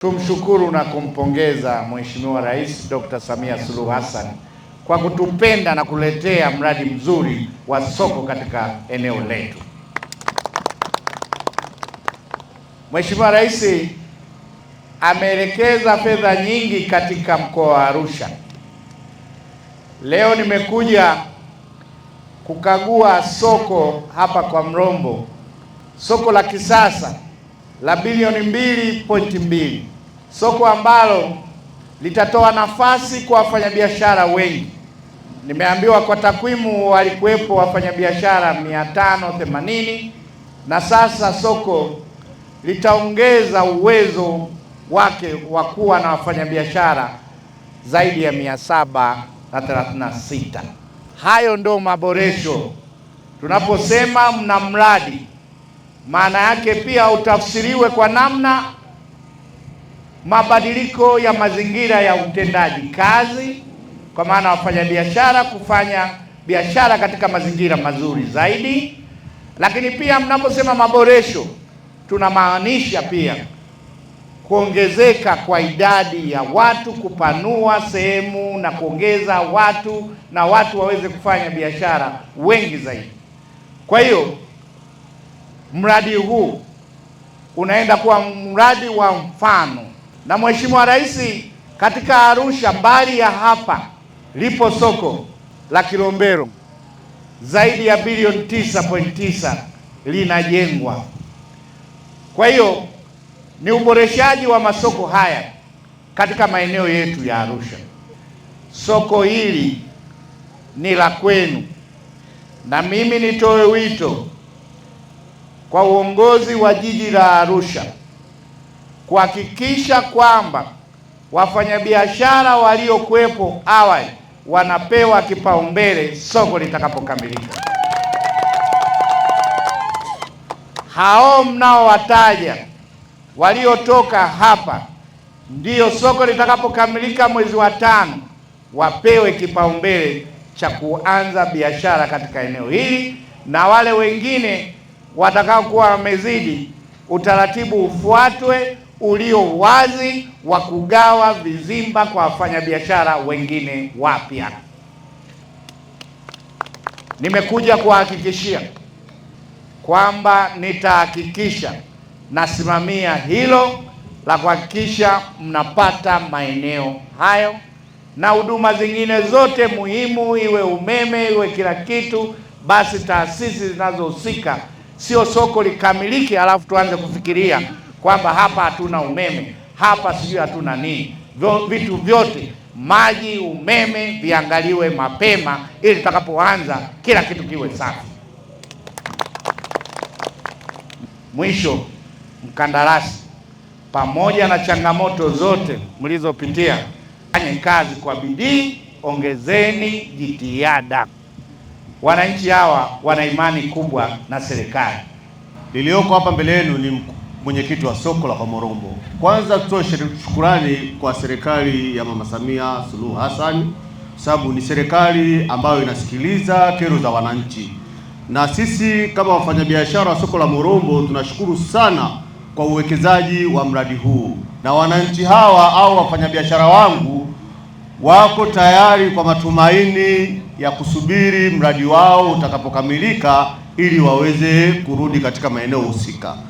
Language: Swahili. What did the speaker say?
Tumshukuru na kumpongeza Mheshimiwa Rais Dr. Samia Suluhu Hassan kwa kutupenda na kuletea mradi mzuri wa soko katika eneo letu. Mheshimiwa Rais ameelekeza fedha nyingi katika mkoa wa Arusha. Leo nimekuja kukagua soko hapa kwa Mrombo, soko la kisasa la bilioni 2.2, soko ambalo litatoa nafasi kwa wafanyabiashara wengi. Nimeambiwa kwa takwimu walikuwepo wafanyabiashara 580 na sasa soko litaongeza uwezo wake wa kuwa na wafanyabiashara zaidi ya 736. Hayo ndo maboresho. Tunaposema mna mradi maana yake pia utafsiriwe kwa namna mabadiliko ya mazingira ya utendaji kazi, kwa maana wafanyabiashara kufanya biashara katika mazingira mazuri zaidi. Lakini pia mnaposema maboresho, tunamaanisha pia kuongezeka kwa idadi ya watu, kupanua sehemu na kuongeza watu na watu waweze kufanya biashara wengi zaidi. Kwa hiyo mradi huu unaenda kuwa mradi wa mfano, na Mheshimiwa Rais katika Arusha, mbali ya hapa lipo soko la Kilombero zaidi ya bilioni 9.9 linajengwa. Kwa hiyo ni uboreshaji wa masoko haya katika maeneo yetu ya Arusha. Soko hili ni la kwenu, na mimi nitoe wito kwa uongozi wa jiji la Arusha kuhakikisha kwamba wafanyabiashara waliokuwepo awali wanapewa kipaumbele soko litakapokamilika. Hao mnaowataja waliotoka hapa ndiyo soko litakapokamilika mwezi wa tano wapewe kipaumbele cha kuanza biashara katika eneo hili na wale wengine watakaokuwa wamezidi, utaratibu ufuatwe ulio wazi wa kugawa vizimba kwa wafanyabiashara wengine wapya. Nimekuja kuhakikishia kwamba nitahakikisha nasimamia hilo la kuhakikisha mnapata maeneo hayo na huduma zingine zote muhimu, iwe umeme, iwe kila kitu, basi taasisi zinazohusika sio soko likamilike, alafu tuanze kufikiria kwamba hapa hatuna umeme, hapa sijui hatuna nini. Vitu vyote maji, umeme viangaliwe mapema, ili tutakapoanza kila kitu kiwe safi. Mwisho, mkandarasi, pamoja na changamoto zote mlizopitia, fanye kazi kwa bidii, ongezeni jitihada. Wananchi hawa wana imani kubwa na serikali. Liliyoko hapa mbele yenu ni mwenyekiti wa soko la Komorombo. Kwanza tutoe shukurani kwa serikali ya Mama Samia Suluhu Hassan, sababu ni serikali ambayo inasikiliza kero za wananchi, na sisi kama wafanyabiashara wa soko la Morombo tunashukuru sana kwa uwekezaji wa mradi huu, na wananchi hawa au wafanyabiashara wangu wako tayari kwa matumaini ya kusubiri mradi wao utakapokamilika ili waweze kurudi katika maeneo husika.